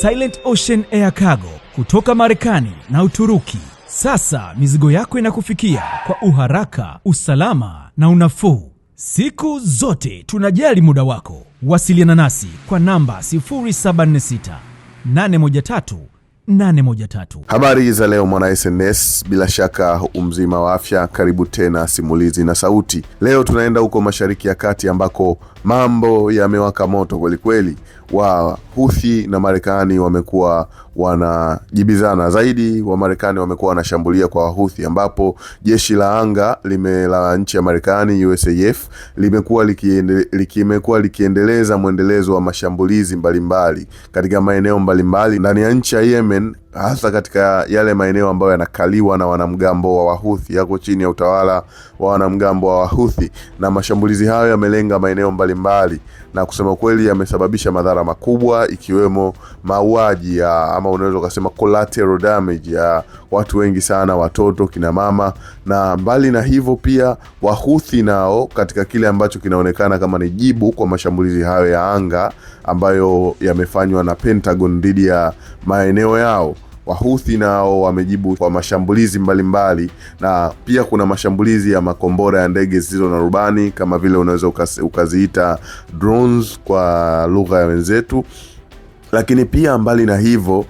Silent Ocean Air Cargo kutoka Marekani na Uturuki. Sasa mizigo yako inakufikia kwa uharaka, usalama na unafuu. Siku zote tunajali muda wako. Wasiliana nasi kwa namba 076 813 813. Habari za leo mwana SNS, bila shaka umzima wa afya. Karibu tena Simulizi na Sauti. Leo tunaenda huko Mashariki ya Kati ambako mambo yamewaka moto kwelikweli. Wahuthi na Marekani wamekuwa wanajibizana zaidi, Wamarekani wamekuwa wanashambulia kwa Wahuthi, ambapo jeshi la anga lime la nchi ya Marekani USAF limekuwa likiende, likimekuwa likiendeleza mwendelezo wa mashambulizi mbalimbali mbali, katika maeneo mbalimbali ndani ya nchi ya Yemen hasa katika yale maeneo ambayo yanakaliwa na wanamgambo wa Wahuthi, yako chini ya utawala wa wanamgambo wa Wahuthi, na mashambulizi hayo yamelenga maeneo mbalimbali mbalimbali, na kusema kweli yamesababisha madhara makubwa, ikiwemo mauaji ya ama unaweza ukasema collateral damage ya watu wengi sana, watoto, kina mama. Na mbali na hivyo, pia Wahuthi nao katika kile ambacho kinaonekana kama ni jibu kwa mashambulizi hayo ya anga ambayo yamefanywa na Pentagon dhidi ya maeneo yao Wahuthi nao wamejibu kwa mashambulizi mbalimbali mbali, na pia kuna mashambulizi ya makombora ya ndege zisizo na rubani kama vile unaweza ukaziita drones kwa lugha ya wenzetu, lakini pia mbali na hivyo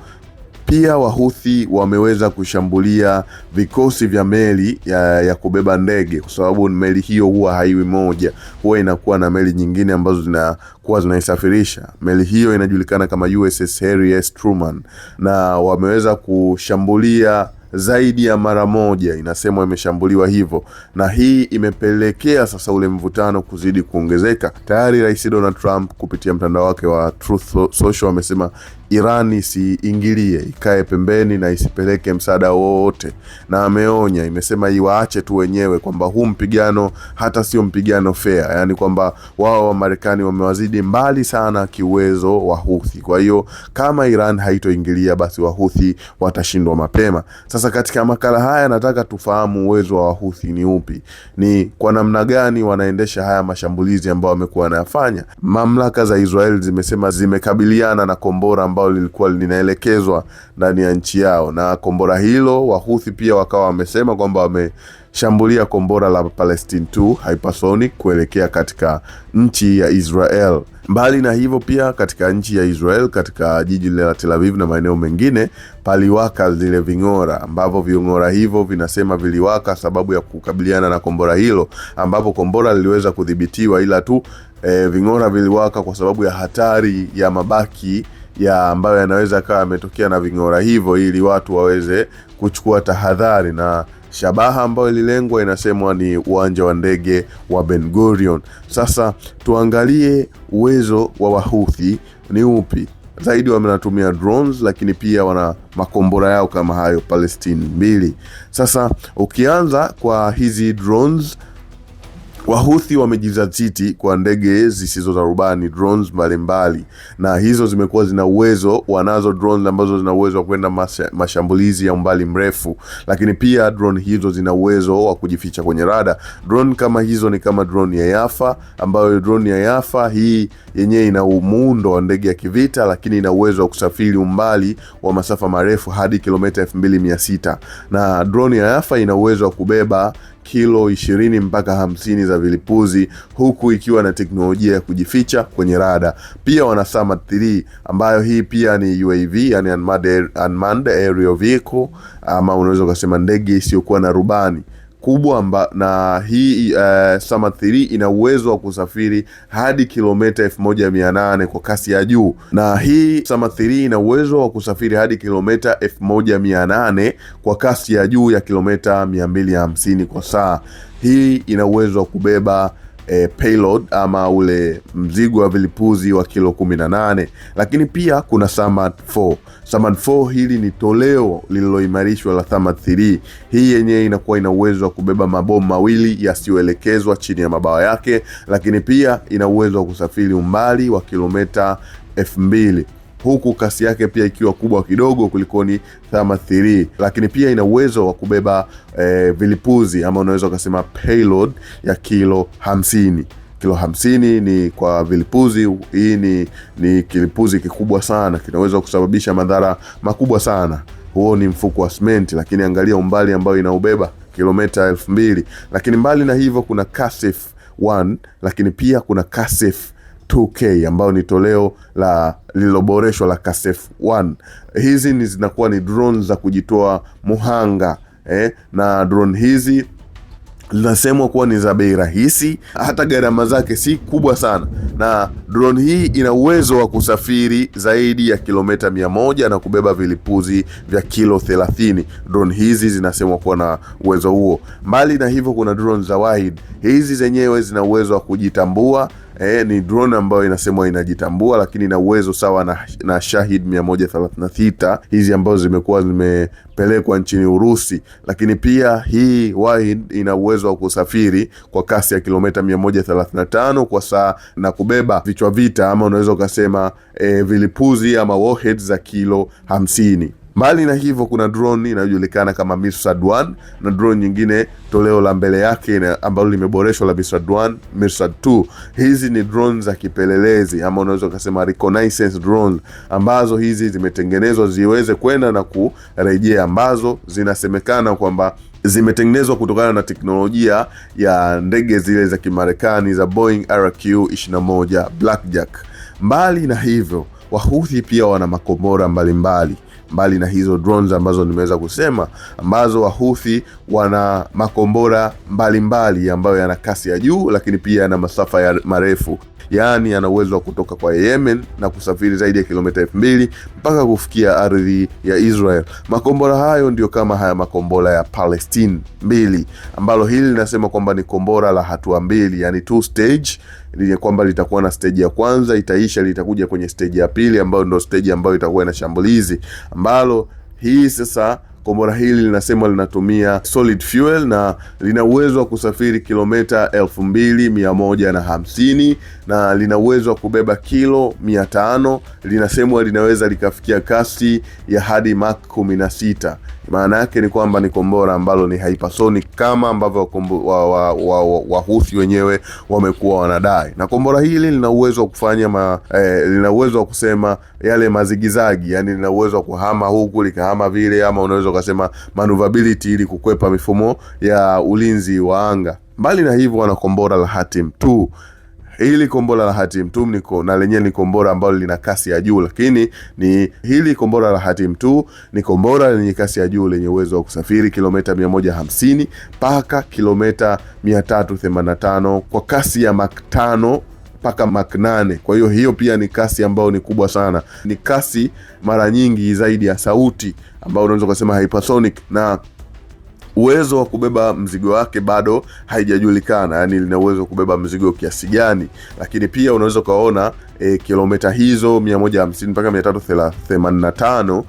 pia Wahuthi wameweza kushambulia vikosi vya meli ya, ya kubeba ndege, kwa sababu meli hiyo huwa haiwi moja, huwa inakuwa na meli nyingine ambazo zinakuwa zinaisafirisha. Meli hiyo inajulikana kama USS Harry S. Truman, na wameweza kushambulia zaidi ya mara moja, inasemwa imeshambuliwa hivyo, na hii imepelekea sasa ule mvutano kuzidi kuongezeka. Tayari Rais Donald Trump kupitia mtandao wake wa Truth Social amesema Iran isiingilie, ikae pembeni na isipeleke msaada wowote, na ameonya, imesema iwaache tu wenyewe, kwamba huu mpigano hata sio mpigano fair, yani kwamba wao Wamarekani wamewazidi mbali sana kiuwezo Wahuthi. Kwa hiyo kama Iran haitoingilia, basi Wahuthi watashindwa mapema. Sasa katika makala haya nataka tufahamu uwezo wa Wahuthi ni upi, ni kwa namna gani wanaendesha haya mashambulizi ambayo wamekuwa wanayafanya. Mamlaka za Israel zimesema zimekabiliana na kombora ambalo lilikuwa linaelekezwa ndani ya nchi yao, na kombora hilo Wahuthi pia wakawa wamesema kwamba wameshambulia kombora la Palestine 2 hypersonic kuelekea katika nchi ya Israel. Mbali na hivyo, pia katika nchi ya Israel, katika jiji la Tel Aviv na maeneo mengine, paliwaka zile ving'ora, ambavyo ving'ora hivyo vinasema viliwaka sababu ya kukabiliana na kombora hilo, ambapo kombora liliweza kudhibitiwa, ila tu e, ving'ora viliwaka kwa sababu ya hatari ya mabaki ya ambayo yanaweza kawa yametokea na ving'ora hivyo, ili watu waweze kuchukua tahadhari na shabaha ambayo ililengwa inasemwa ni uwanja wa ndege wa Ben Gurion. Sasa tuangalie uwezo wa Wahuthi ni upi zaidi. Wanatumia drones, lakini pia wana makombora yao kama hayo Palestine mbili. Sasa ukianza kwa hizi drones Wahuthi wamejizatiti kwa ndege zisizo za rubani drones mbalimbali, na hizo zimekuwa zina uwezo, wanazo drones ambazo zina uwezo wa kwenda mashambulizi ya umbali mrefu, lakini pia drone hizo zina uwezo wa kujificha kwenye rada. Drone kama hizo ni kama drone ya Yafa, ambayo drone ya Yafa hii yenyewe ina muundo wa ndege ya kivita, lakini ina uwezo wa kusafiri umbali wa masafa marefu hadi kilomita 2600 na drone ya Yafa ina uwezo wa kubeba kilo 20 mpaka 50 za vilipuzi, huku ikiwa na teknolojia ya kujificha kwenye rada. Pia wana Samad 3 ambayo hii pia ni UAV, yani unmanned aerial vehicle, ama unaweza ukasema ndege isiyokuwa na rubani kubwa mba, na hii uh, Sama 3 ina uwezo wa kusafiri hadi kilomita 1800 kwa kasi ya juu, na hii Sama 3 ina uwezo wa kusafiri hadi kilomita 1800 kwa kasi ya juu ya kilomita 250 kwa saa. Hii ina uwezo wa kubeba e, payload ama ule mzigo wa vilipuzi wa kilo 18, lakini pia kuna Samad 4. Samad 4 hili ni toleo lililoimarishwa la Samad 3. Hii yenyewe inakuwa ina uwezo wa kubeba mabomu mawili yasiyoelekezwa chini ya mabawa yake, lakini pia ina uwezo wa kusafiri umbali wa kilomita elfu mbili huku kasi yake pia ikiwa kubwa kidogo kuliko ni Thama 3, lakini pia ina uwezo wa kubeba e, vilipuzi ama unaweza ukasema payload ya kilo 50 kilo hamsini ni kwa vilipuzi. Hii ni, ni kilipuzi kikubwa sana, kinaweza kusababisha madhara makubwa sana. Huo ni mfuko wa simenti, lakini angalia umbali ambayo inaubeba kilomita elfu mbili. Lakini mbali na hivyo kuna Kasif 1 lakini pia kuna Kasif 2K ambayo ni toleo la lililoboreshwa la Kasef 1. Hizi ni zinakuwa ni drone za kujitoa muhanga eh, na drone hizi linasemwa kuwa ni za bei rahisi, hata gharama zake si kubwa sana, na drone hii ina uwezo wa kusafiri zaidi ya kilomita mia moja na kubeba vilipuzi vya kilo 30. Drone hizi zinasemwa kuwa na uwezo huo. Mbali na hivyo, kuna drone za Wahid. Hizi zenyewe zina uwezo wa kujitambua eh, ni drone ambayo inasemwa inajitambua lakini ina uwezo sawa na, na Shahid 136 hizi ambazo zimekuwa zimepelekwa nchini Urusi, lakini pia hii Wahid ina uwezo wa kusafiri kwa kasi ya kilomita 135 kwa saa na kubeba vichwa vita ama unaweza ukasema eh, vilipuzi ama warheads za kilo hamsini. Mbali na hivyo, kuna drone inayojulikana kama Mirsad 1 na drone nyingine toleo la mbele yake ambalo limeboreshwa la Mirsad 1, Mirsad 2. Hizi ni drone za kipelelezi ama unaweza ukasema reconnaissance drone, ambazo hizi zimetengenezwa ziweze kwenda na kurejea, ambazo zinasemekana kwamba zimetengenezwa kutokana na teknolojia ya ndege zile za Kimarekani za Boeing RQ 21 Blackjack. Mbali na hivyo, Wahuthi pia wana makombora mbalimbali mbali mbali na hizo drones ambazo nimeweza kusema, ambazo Wahuthi wana makombora mbalimbali mbali ambayo yana kasi ya juu, lakini pia yana masafa ya marefu, yaani yana uwezo wa kutoka kwa Yemen na kusafiri zaidi ya kilomita elfu mbili mpaka kufikia ardhi ya Israel. Makombora hayo ndiyo kama haya makombora ya Palestine mbili, ambalo hili linasema kwamba ni kombora la hatua mbili, yani two stage lile kwamba litakuwa na stage ya kwanza itaisha, litakuja kwenye stage ya pili ambayo ndio stage ambayo itakuwa na shambulizi ambalo hii sasa kombora hili linasema linatumia solid fuel na lina uwezo wa kusafiri kilomita elfu na hamsini na lina uwezo wa kubeba kilo mia tano. Linasemwa linaweza likafikia kasi ya hadi Mach 16. Maana yake ni kwamba ni kombora ambalo ni hypersonic kama ambavyo Wahuthi wa, wa, wa, wa, wenyewe wamekuwa wanadai, na kombora hili lina uwezo wa kufanya ma, eh, lina uwezo wa kusema yale mazigizagi, yani lina uwezo wa kuhama huku likahama vile, ama unaweza ukasema maneuverability ili kukwepa mifumo ya ulinzi wa anga. Mbali na hivyo, wana kombora la hatim hili kombora la Hatim2 niko na lenyewe ni kombora ambalo lina kasi ya juu, lakini ni hili kombora la Hatim2 ni kombora lenye kasi ya juu lenye uwezo wa kusafiri kilomita 150 mpaka kilomita 385 kwa kasi ya Mach tano mpaka Mach nane. Kwa hiyo hiyo pia ni kasi ambayo ni kubwa sana, ni kasi mara nyingi zaidi ya sauti ambayo unaweza kusema hypersonic na uwezo wa kubeba mzigo wake bado haijajulikana, yani lina uwezo wa kubeba mzigo kiasi gani, lakini pia unaweza ukaona e, kilomita hizo 150 mpaka 385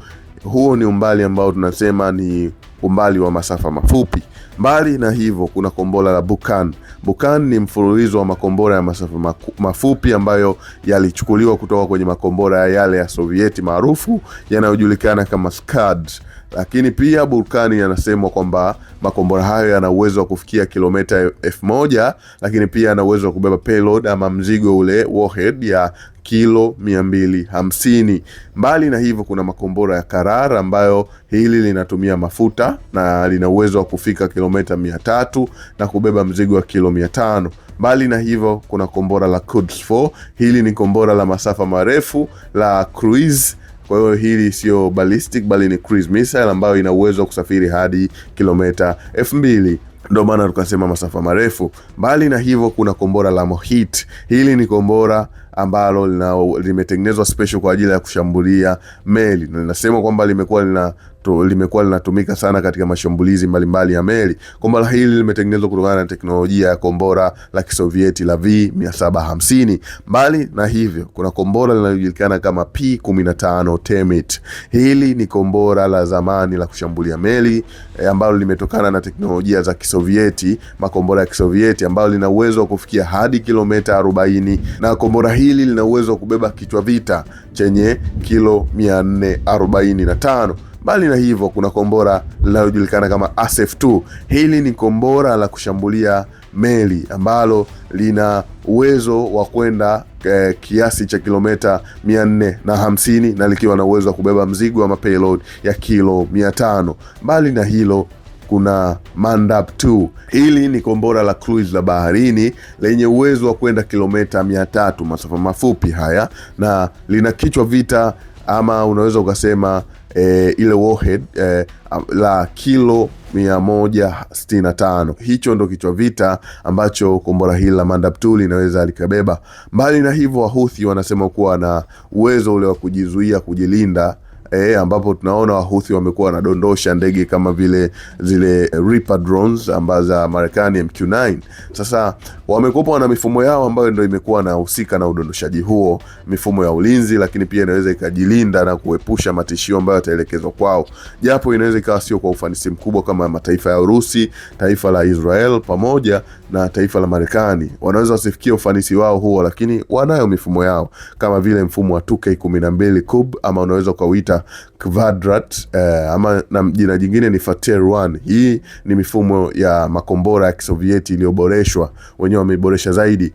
huo ni umbali ambao tunasema ni umbali wa masafa mafupi. Mbali na hivyo, kuna kombora la Bukan. Bukan ni mfululizo wa makombora ya masafa mafupi ambayo yalichukuliwa kutoka kwenye makombora ya yale ya Sovieti maarufu yanayojulikana kama Scud. Lakini pia Burkani anasemwa kwamba makombora hayo yana uwezo wa kufikia kilomita elfu moja lakini pia yana uwezo wa kubeba payload ama mzigo ule warhead ya kilo mia mbili hamsini. Mbali na hivyo, kuna makombora ya Karar ambayo hili linatumia mafuta na lina uwezo wa kufika kilomita mia tatu na kubeba mzigo wa kilo mia tano. Mbali na hivyo, kuna kombora la Quds 4 hili ni kombora la masafa marefu la cruise kwa hiyo hili sio ballistic bali ni cruise missile ambayo ina uwezo wa kusafiri hadi kilomita elfu mbili ndio maana tukasema masafa marefu. Mbali na hivyo, kuna kombora la Mohit. Hili ni kombora ambalo limetengenezwa special kwa ajili ya kushambulia meli na linasema kwamba limekuwa lina limekuwa linatumika sana katika mashambulizi mbalimbali ya meli. Kombora hili limetengenezwa kutokana na teknolojia ya kombora la Kisovieti la V750. Mbali na hivyo, kuna kombora linalojulikana kama P15 Termit. Hili ni kombora la zamani la kushambulia meli eh, ambalo limetokana na teknolojia za Kisovieti, makombora ya Kisovieti ambalo lina uwezo wa kufikia hadi kilomita 40 na kombora hili lina uwezo wa kubeba kichwa vita chenye kilo 445. Mbali na hivyo, kuna kombora linalojulikana kama asf 2 Hili ni kombora la kushambulia meli ambalo lina uwezo wa kwenda eh, kiasi cha kilomita 450 na hamsini na likiwa na uwezo wa kubeba mzigo ama payload ya kilo mia tano. Mbali na hilo kuna Mandap 2. Hili ni kombora la cruise la baharini lenye uwezo wa kwenda kilomita mia tatu, masafa mafupi haya, na lina kichwa vita ama unaweza ukasema e, ile warhead e, la kilo 165. Hicho ndo kichwa vita ambacho kombora hili la Mandab two linaweza likabeba. Mbali na hivyo, Wahuthi wanasema kuwa na uwezo ule wa kujizuia, kujilinda e, ambapo tunaona wahuthi wamekuwa wanadondosha ndege kama vile zile Reaper drones ambazo za Marekani MQ9. Sasa wamekuwa wana mifumo yao ambayo ndio imekuwa nahusika na udondoshaji huo, mifumo ya ulinzi, lakini pia inaweza ikajilinda na kuepusha matishio ambayo yataelekezwa kwao, japo inaweza ikawa sio kwa ufanisi mkubwa kama mataifa ya Urusi, taifa la Israel pamoja na taifa la Marekani. Wanaweza wasifikie ufanisi wao huo, lakini wanayo mifumo yao kama vile mfumo wa 2K12 Cub ama unaweza ukauita Kvadrat eh, ama na jina jingine ni Fater 1. Hii ni mifumo ya makombora ya Kisovieti iliyoboreshwa, wenyewe wameiboresha zaidi.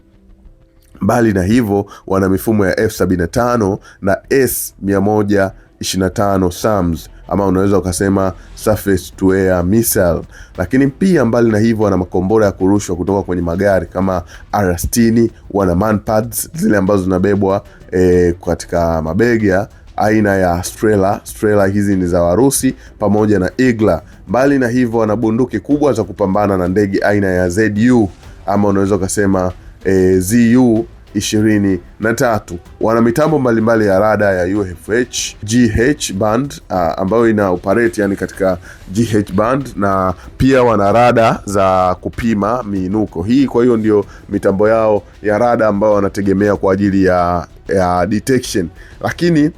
Mbali na hivyo, wana mifumo ya F75 na S125 SAMS ama unaweza ukasema surface to air missile. Lakini pia mbali na hivyo, wana makombora ya kurushwa kutoka kwenye magari kama R60, wana manpads zile ambazo zinabebwa eh, katika mabega aina ya Strela. Strela hizi ni za Warusi pamoja na Igla. Mbali na hivyo, ana bunduki kubwa za kupambana na ndege aina ya ZU ama unaweza ukasema e, ZU 23 Wana mitambo mbalimbali ya rada ya UHF GH band a, ah, ambayo ina operate yani katika GH band, na pia wana rada za kupima miinuko hii. Kwa hiyo ndio mitambo yao ya rada ambayo wanategemea kwa ajili ya, ya detection, lakini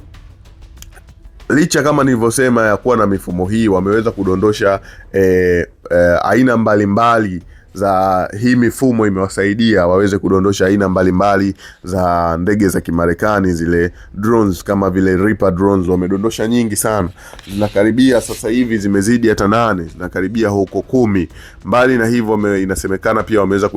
licha kama nilivyosema ya kuwa na mifumo hii wameweza kudondosha e, e, aina mbalimbali mbali za hii mifumo imewasaidia waweze kudondosha aina mbalimbali mbali za ndege za Kimarekani zile drones, kama vile Reaper drones wamedondosha nyingi sana, zinakaribia sasa hivi zimezidi hata nane, zinakaribia huko kumi. Mbali na hivyo, inasemekana pia wameweza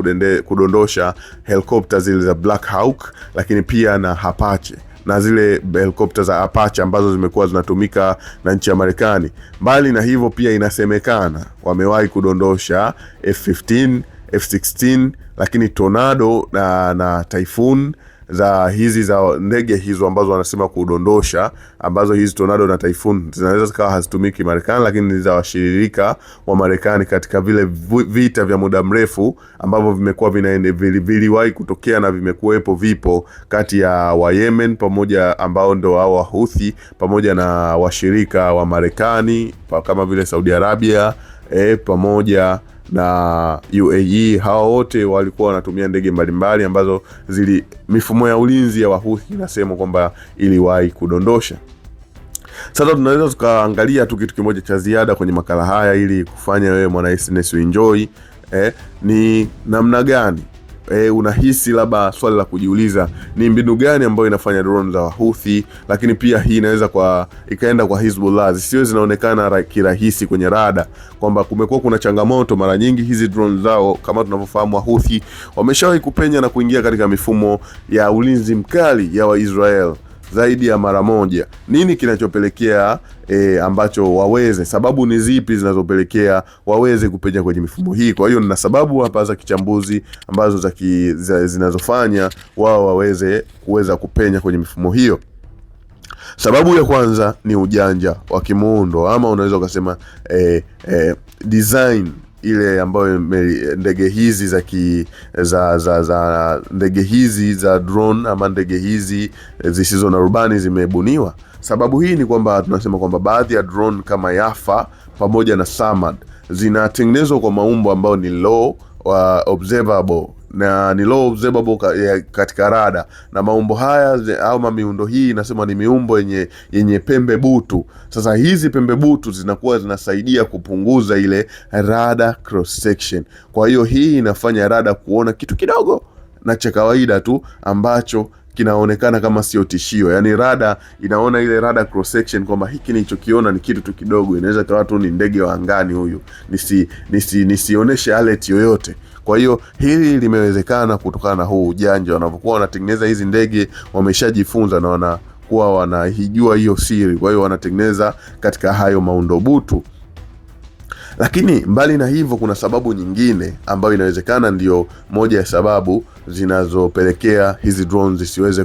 kudondosha helikopta zile za Black Hawk, lakini pia na Apache na zile helikopta za Apache ambazo zimekuwa zinatumika na nchi ya Marekani. Mbali na hivyo, pia inasemekana wamewahi kudondosha F15, F16, lakini Tornado na, na Typhoon za hizi za ndege hizo ambazo wanasema kudondosha, ambazo hizi Tornado na Typhoon zinaweza zikawa hazitumiki Marekani, lakini ni za washirika wa Marekani katika vile vita vya muda mrefu ambavyo vimekuwa viliwahi kutokea na vimekuwepo vipo kati ya wa Yemen pamoja ambao ndo hao Wahuthi pamoja na washirika wa Marekani kama vile Saudi Arabia eh, pamoja na UAE. Hawa wote walikuwa wanatumia ndege mbalimbali ambazo zili mifumo ya ulinzi ya Wahuthi inasema kwamba iliwahi kudondosha. Sasa tunaweza tukaangalia tu kitu kimoja cha ziada kwenye makala haya ili kufanya wewe mwana SnS uenjoy, eh, ni namna gani e, unahisi labda swali la kujiuliza ni mbinu gani ambayo inafanya drone za Wahuthi, lakini pia hii inaweza kwa ikaenda kwa Hizbullah zisiwe zinaonekana kirahisi kwenye rada, kwamba kumekuwa kuna changamoto mara nyingi. Hizi drone zao kama tunavyofahamu, Wahuthi wameshawahi kupenya na kuingia katika mifumo ya ulinzi mkali ya Waisrael zaidi ya mara moja. Nini kinachopelekea e, ambacho waweze, sababu ni zipi zinazopelekea waweze kupenya kwenye mifumo hii? Kwa hiyo nina sababu hapa za kichambuzi ambazo za ki, za, zinazofanya wao waweze kuweza kupenya kwenye mifumo hiyo. Sababu ya kwanza ni ujanja wa kimuundo ama unaweza ukasema e, e, design ile ambayo ndege hizi za ki, za za za ndege hizi za drone ama ndege hizi eh, zisizo na rubani zimebuniwa. Sababu hii ni kwamba tunasema kwamba baadhi ya drone kama Yafa pamoja na Samad zinatengenezwa kwa maumbo ambayo ni low uh, observable na ni low observable katika rada, na maumbo haya ama miundo hii inasema ni miumbo yenye yenye pembe butu. Sasa hizi pembe butu zinakuwa zinasaidia kupunguza ile rada cross section, kwa hiyo hii inafanya rada kuona kitu kidogo na cha kawaida tu ambacho kinaonekana kama sio tishio. Yani rada inaona ile rada cross section kwamba hiki nilichokiona ni kitu tu kidogo, inaweza kawa tu ni ndege wa angani huyu, nisi nisi nisioneshe alert yoyote. Kwa hiyo hili limewezekana kutokana na huu ujanja. Wanavyokuwa wanatengeneza hizi ndege, wameshajifunza na wanakuwa wanaijua hiyo siri, kwa hiyo wanatengeneza katika hayo maundo butu. Lakini mbali na hivyo, kuna sababu nyingine ambayo inawezekana ndiyo moja ya sababu zinazopelekea hizi drones zisiweze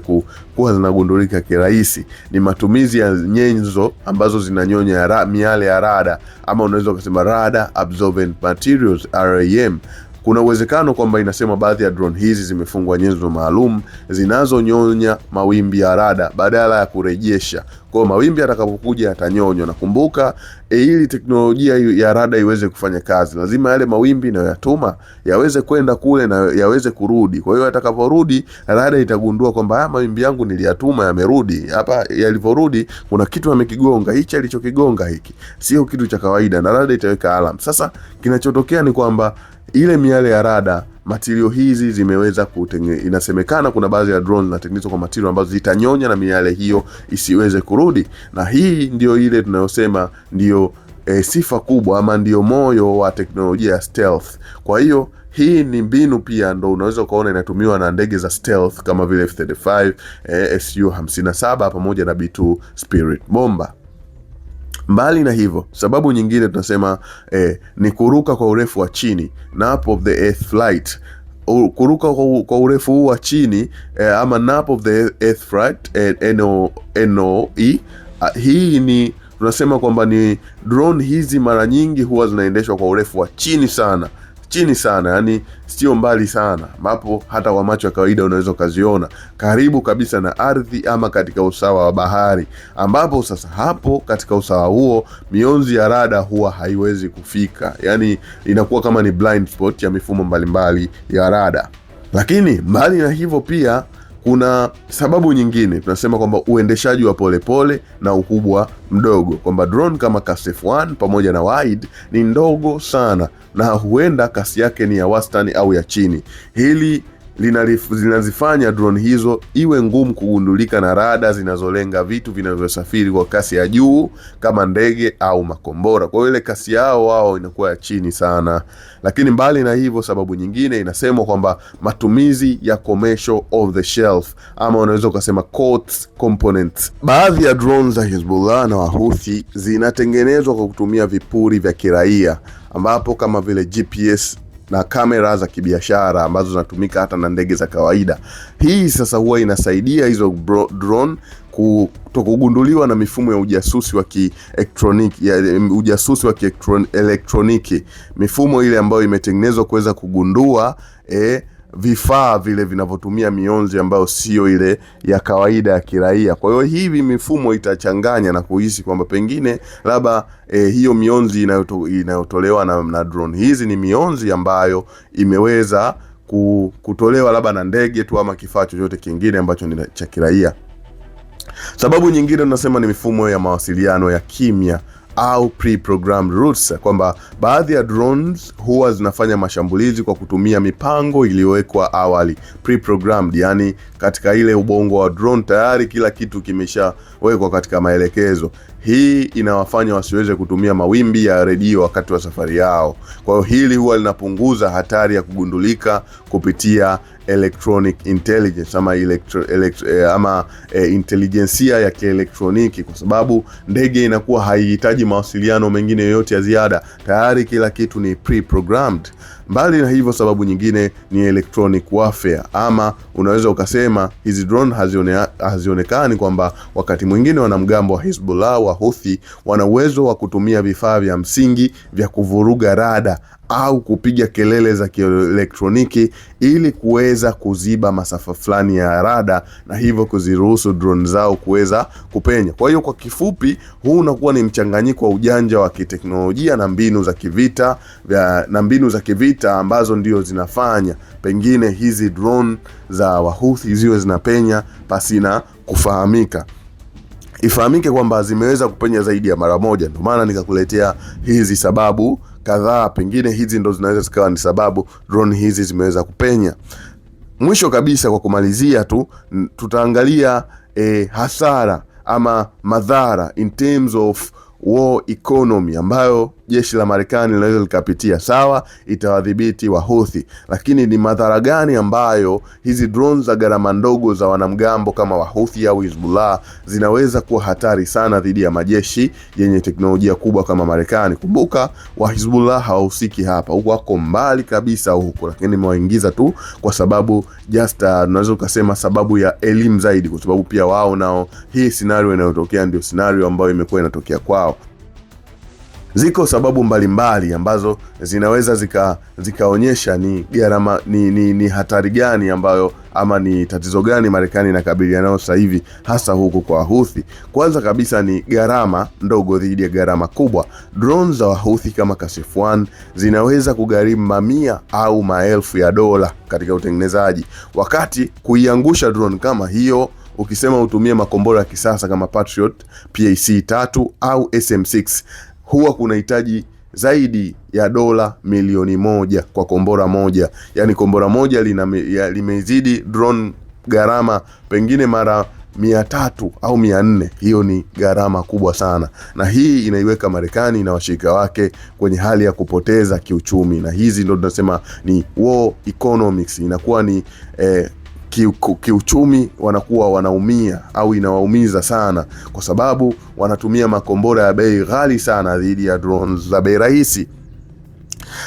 kuwa zinagundulika kirahisi, ni matumizi ya nyenzo ambazo zinanyonya miale ya rada, ama unaweza ukasema rada absorbent materials, RAM kuna uwezekano kwamba inasema baadhi ya drone hizi zimefungwa nyenzo maalum zinazonyonya mawimbi ya rada badala ya kurejesha. Kwa hiyo mawimbi atakapokuja yatanyonywa, na kumbuka e, eh, ili teknolojia ya rada iweze kufanya kazi, lazima yale mawimbi inayoyatuma yaweze kwenda kule na yaweze kurudi. Kwa hiyo atakaporudi, rada itagundua kwamba haya ah, mawimbi yangu niliyatuma yamerudi hapa. Yalivorudi kuna kitu amekigonga, hichi alichokigonga hiki sio kitu cha kawaida, na rada itaweka alam. Sasa kinachotokea ni kwamba ile miale ya rada matirio hizi zimeweza kutenge, inasemekana kuna baadhi ya drone zinatengenezwa kwa matirio ambazo zitanyonya na miale hiyo isiweze kurudi, na hii ndiyo ile tunayosema ndiyo e, eh, sifa kubwa ama ndio moyo wa teknolojia ya stealth. Kwa hiyo hii ni mbinu pia ndo unaweza ukaona inatumiwa na ndege za stealth kama vile F35, e, Su 57 pamoja na B2 Spirit bomba. Mbali na hivyo, sababu nyingine tunasema eh, ni kuruka kwa urefu wa chini nap of the earth flight kuruka kwa urefu huu wa chini eh, ama nap of the flight eh, NO, NOE. Ah, hii ni tunasema kwamba ni drone hizi mara nyingi huwa zinaendeshwa kwa urefu wa chini sana chini sana, yani sio mbali sana, ambapo hata kwa macho ya kawaida unaweza ukaziona karibu kabisa na ardhi ama katika usawa wa bahari, ambapo sasa hapo katika usawa huo mionzi ya rada huwa haiwezi kufika, yani inakuwa kama ni blind spot ya mifumo mbalimbali mbali ya rada. Lakini mbali na hivyo pia kuna sababu nyingine tunasema kwamba uendeshaji wa polepole pole na ukubwa mdogo, kwamba drone kama Kasef 1 pamoja na Wide ni ndogo sana na huenda kasi yake ni ya wastani au ya chini. Hili linazifanya drone hizo iwe ngumu kugundulika na rada zinazolenga vitu vinavyosafiri kwa kasi ya juu kama ndege au makombora. Kwa hiyo ile kasi yao wao inakuwa ya chini sana. Lakini mbali na hivyo, sababu nyingine inasemwa kwamba matumizi ya commercial off the shelf ama unaweza ukasema COTS components. Baadhi ya drone za Hezbollah na Wahuthi zinatengenezwa kwa kutumia vipuri vya kiraia ambapo kama vile GPS na kamera za kibiashara ambazo zinatumika hata na ndege za kawaida. Hii sasa huwa inasaidia hizo drone kutokugunduliwa na mifumo ya ujasusi wa kielektroniki ujasusi wa kielektroniki, mifumo ile ambayo imetengenezwa kuweza kugundua eh, vifaa vile vinavyotumia mionzi ambayo sio ile ya kawaida ya kiraia. Kwa hiyo hivi mifumo itachanganya na kuhisi kwamba pengine labda e, hiyo mionzi inayoto, inayotolewa na, na drone hizi ni mionzi ambayo imeweza kutolewa labda na ndege tu ama kifaa chochote kingine ambacho ni cha kiraia. Sababu nyingine tunasema ni mifumo ya mawasiliano ya kimya au pre-programmed routes, kwamba baadhi ya drones huwa zinafanya mashambulizi kwa kutumia mipango iliyowekwa awali pre-programmed, yani katika ile ubongo wa drone tayari kila kitu kimeshawekwa katika maelekezo. Hii inawafanya wasiweze kutumia mawimbi ya redio wakati wa safari yao. Kwa hiyo hili huwa linapunguza hatari ya kugundulika kupitia electronic intelligence ama electro, electro, eh, ama eh, intelijensia ya kielektroniki, kwa sababu ndege inakuwa haihitaji mawasiliano mengine yoyote ya ziada, tayari kila kitu ni pre-programmed. Mbali na hivyo, sababu nyingine ni electronic warfare, ama unaweza ukasema hizi drone hazione, hazionekani kwamba wakati mwingine wanamgambo wa Hezbollah wa Houthi wana uwezo wa kutumia vifaa vya msingi vya kuvuruga rada au kupiga kelele za kielektroniki ili kuweza kuziba masafa fulani ya rada na hivyo kuziruhusu drone zao kuweza kupenya. Kwa hiyo kwa kifupi, huu unakuwa ni mchanganyiko wa ujanja wa kiteknolojia na mbinu za kivita na mbinu za kivita ambazo ndio zinafanya pengine hizi drone za Wahuthi ziwe zinapenya pasina kufahamika. Ifahamike kwamba zimeweza kupenya zaidi ya mara moja, ndio maana nikakuletea hizi sababu kadhaa, pengine hizi ndo zinaweza zikawa ni sababu drone hizi zimeweza kupenya. Mwisho kabisa, kwa kumalizia tu, tutaangalia eh, hasara ama madhara in terms of war economy ambayo jeshi la Marekani linaweza likapitia. Sawa, itawadhibiti Wahuthi, lakini ni madhara gani ambayo hizi drones za gharama ndogo za wanamgambo kama Wahuthi au Hizbullah zinaweza kuwa hatari sana dhidi ya majeshi yenye teknolojia kubwa kama Marekani? Kumbuka, Wahizbullah hawahusiki hapa, huko wako mbali kabisa huko, lakini imewaingiza tu kwa sababu just uh, tunaweza uh, ukasema sababu ya elimu zaidi, kwa sababu pia wao nao hii scenario inayotokea ndio scenario ambayo imekuwa inatokea kwao. Ziko sababu mbalimbali mbali ambazo zinaweza zika zikaonyesha ni gharama ni, ni, ni hatari gani ambayo ama ni tatizo gani Marekani inakabiliana nayo sasa hivi hasa huku kwa Wahuthi. Kwanza kabisa ni gharama ndogo dhidi ya gharama kubwa. Drone za Wahuthi kama Kasif 1 zinaweza kugharimu mamia au maelfu ya dola katika utengenezaji, wakati kuiangusha drone kama hiyo ukisema utumie makombora ya kisasa kama Patriot PAC 3 au SM6 huwa kunahitaji zaidi ya dola milioni moja kwa kombora moja. Yaani kombora moja limezidi drone gharama pengine mara mia tatu au mia nne. Hiyo ni gharama kubwa sana, na hii inaiweka Marekani na washirika wake kwenye hali ya kupoteza kiuchumi, na hizi ndo tunasema ni war economics, inakuwa ni eh, kiuchumi wanakuwa wanaumia au inawaumiza sana, kwa sababu wanatumia makombora ya bei ghali sana dhidi ya drones za bei rahisi.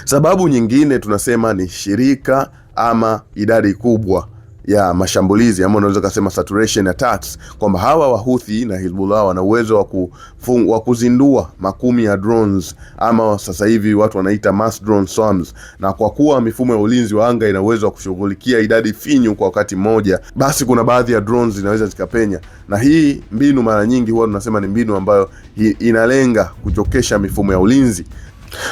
Sababu nyingine tunasema ni shirika ama idadi kubwa ya mashambulizi ama unaweza kusema saturation attacks, kwamba hawa Wahuthi na Hezbollah wana uwezo wa wa kuzindua makumi ya drones ama sasa hivi watu wanaita mass drone swarms, na kwa kuwa mifumo ya ulinzi wa anga ina uwezo wa kushughulikia idadi finyu kwa wakati mmoja, basi kuna baadhi ya drones zinaweza zikapenya, na hii mbinu mara nyingi huwa tunasema ni mbinu ambayo inalenga kuchokesha mifumo ya ulinzi.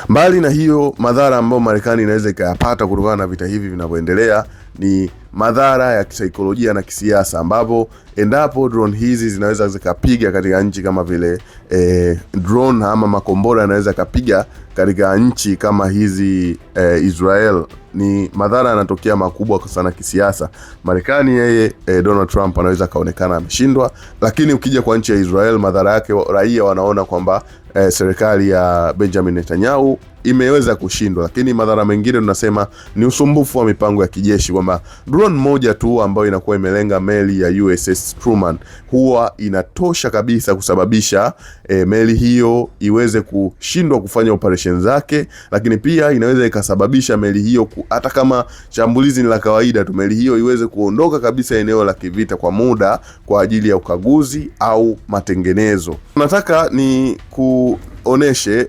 Mbali na hiyo, madhara ambayo Marekani inaweza ikayapata kutokana na vita hivi vinavyoendelea ni madhara ya kisaikolojia na kisiasa, ambapo endapo drone hizi zinaweza zikapiga katika nchi kama vile e, drone ama makombora yanaweza kapiga katika nchi kama hizi e, Israel, ni madhara yanatokea makubwa sana kisiasa. Marekani yeye e, Donald Trump anaweza kaonekana ameshindwa, lakini ukija kwa nchi ya Israel, madhara yake raia wanaona kwamba e, serikali ya Benjamin Netanyahu imeweza kushindwa, lakini madhara mengine tunasema ni usumbufu wa mipango ya kijeshi, kwamba drone moja tu ambayo inakuwa imelenga meli ya USS Truman huwa inatosha kabisa kusababisha e, meli hiyo iweze kushindwa kufanya operation zake, lakini pia inaweza ikasababisha meli hiyo ku, hata kama shambulizi ni la kawaida tu, meli hiyo iweze kuondoka kabisa eneo la kivita kwa muda kwa ajili ya ukaguzi au matengenezo. Nataka ni ku oneshe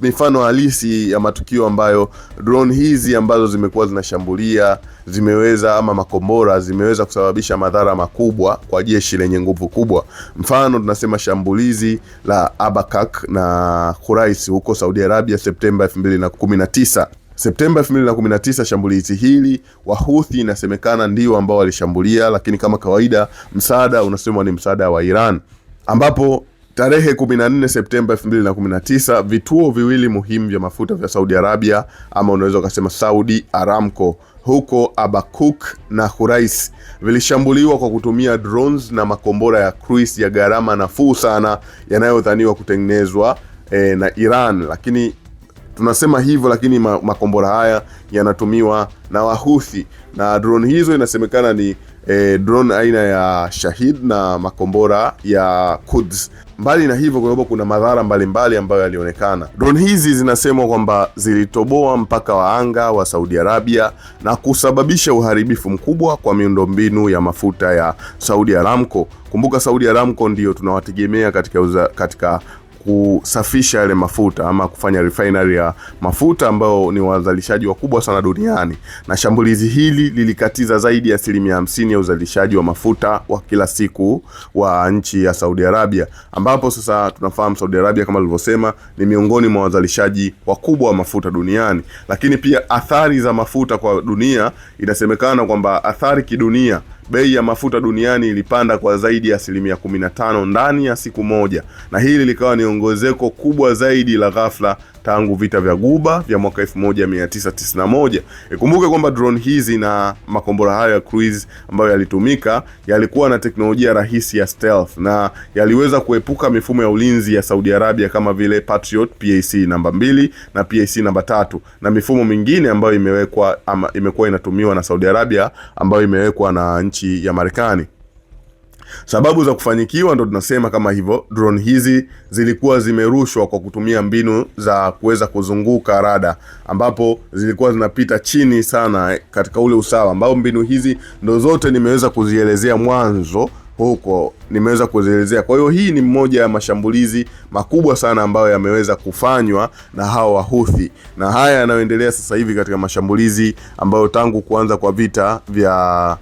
mifano halisi ya matukio ambayo drone hizi ambazo zimekuwa zinashambulia zimeweza ama makombora zimeweza kusababisha madhara makubwa kwa jeshi lenye nguvu kubwa. Mfano tunasema shambulizi la Abakak na Kurais huko Saudi Arabia Septemba 2019. Septemba 2019 shambulizi hili Wahuthi inasemekana ndio ambao walishambulia, lakini kama kawaida msaada unasemwa ni msaada wa Iran ambapo Tarehe 14 Septemba 2019 vituo viwili muhimu vya mafuta vya Saudi Arabia ama unaweza ukasema Saudi Aramco huko Abakuk na Khurais vilishambuliwa kwa kutumia drones na makombora ya cruise ya gharama nafuu sana yanayodhaniwa kutengenezwa e, na Iran, lakini tunasema hivyo, lakini makombora haya yanatumiwa na Wahuthi na drone hizo inasemekana ni e, drone aina ya Shahid na makombora ya Quds. Mbali na hivyo, kwa kuna madhara mbalimbali ambayo yalionekana. Drone hizi zinasemwa kwamba zilitoboa mpaka wa anga wa Saudi Arabia na kusababisha uharibifu mkubwa kwa miundombinu ya mafuta ya Saudi Aramco. Kumbuka Saudi Aramco ndiyo tunawategemea katika uza, katika kusafisha yale mafuta ama kufanya refinery ya mafuta ambao ni wazalishaji wakubwa sana duniani, na shambulizi hili lilikatiza zaidi ya asilimia hamsini ya uzalishaji wa mafuta wa kila siku wa nchi ya Saudi Arabia, ambapo sasa tunafahamu Saudi Arabia kama nilivyosema ni miongoni mwa wazalishaji wakubwa wa mafuta duniani. Lakini pia athari za mafuta kwa dunia, inasemekana kwamba athari kidunia bei ya mafuta duniani ilipanda kwa zaidi ya asilimia 15 ndani ya siku moja, na hili likawa ni ongezeko kubwa zaidi la ghafla tangu vita vya guba vya mwaka 1991. Ikumbuke kwamba drone hizi na makombora hayo ya cruise ambayo yalitumika yalikuwa na teknolojia rahisi ya stealth na yaliweza kuepuka mifumo ya ulinzi ya Saudi Arabia kama vile Patriot PAC namba mbili na PAC namba tatu na mifumo mingine ambayo imewekwa ama imekuwa inatumiwa na Saudi Arabia ambayo imewekwa na nchi ya Marekani. Sababu za kufanikiwa ndo tunasema kama hivyo, drone hizi zilikuwa zimerushwa kwa kutumia mbinu za kuweza kuzunguka rada, ambapo zilikuwa zinapita chini sana katika ule usawa ambao mbinu hizi ndo zote nimeweza kuzielezea mwanzo huko nimeweza kuzielezea. Kwa hiyo hii ni mmoja ya mashambulizi makubwa sana ambayo yameweza kufanywa na hawa Wahuthi, na haya yanayoendelea sasa hivi katika mashambulizi ambayo tangu kuanza kwa vita vya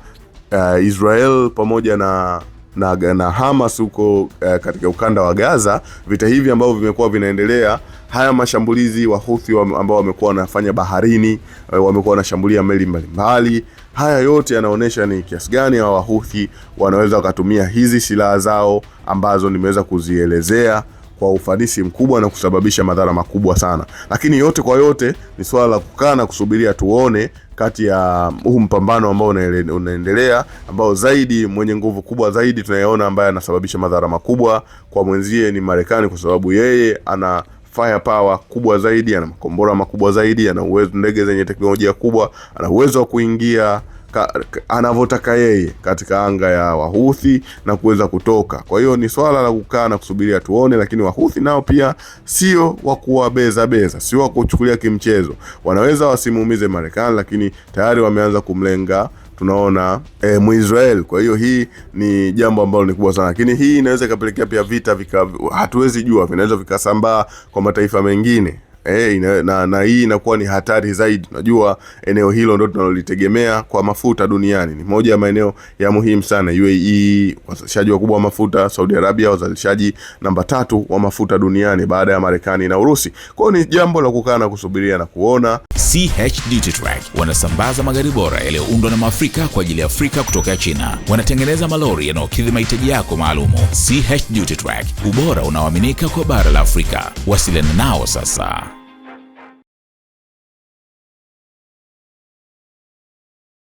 uh, Israel pamoja na na, na Hamas huko eh, katika ukanda wa Gaza, vita hivi ambavyo vimekuwa vinaendelea, haya mashambulizi Wahuthi ambao wamekuwa wanafanya baharini, eh, wamekuwa wanashambulia meli mbalimbali, haya yote yanaonyesha ni kiasi gani hawa Wahuthi wanaweza wakatumia hizi silaha zao ambazo nimeweza kuzielezea kwa ufanisi mkubwa na kusababisha madhara makubwa sana. Lakini yote kwa yote ni swala la kukaa na kusubiria tuone kati ya huu mpambano ambao unaendelea, ambao zaidi mwenye nguvu kubwa zaidi tunayeona ambaye anasababisha madhara makubwa kwa mwenzie ni Marekani, kwa sababu yeye ana firepower kubwa zaidi, ana makombora makubwa zaidi, ana uwezo, ndege zenye teknolojia kubwa, ana uwezo wa kuingia ka, anavyotaka yeye katika anga ya Wahuthi na kuweza kutoka. Kwa hiyo ni swala la kukaa na kusubiria tuone, lakini Wahuthi nao pia sio wa kuwabeza beza, sio wa kuchukulia kimchezo. Wanaweza wasimuumize Marekani, lakini tayari wameanza kumlenga tunaona e, Mwisrael. Kwa hiyo hii ni jambo ambalo ni kubwa sana, lakini hii inaweza ikapelekea pia vita vika, hatuwezi jua, vinaweza vikasambaa kwa mataifa mengine hey, eh, na, na hii inakuwa ni hatari zaidi. Unajua eneo hilo ndo tunalolitegemea kwa mafuta duniani, ni moja ya maeneo ya muhimu sana. UAE wazalishaji wakubwa wa mafuta, Saudi Arabia wazalishaji namba tatu wa mafuta duniani baada ya Marekani na Urusi. Kwa ni jambo la kukaa na kusubiria na kuona. CHD Track wanasambaza magari bora yaliyoundwa na Maafrika kwa ajili ya Afrika kutoka China. Wanatengeneza malori yanayokidhi mahitaji yako maalumu. CHD Track, ubora unaoaminika kwa bara la Afrika. Wasiliana nao sasa.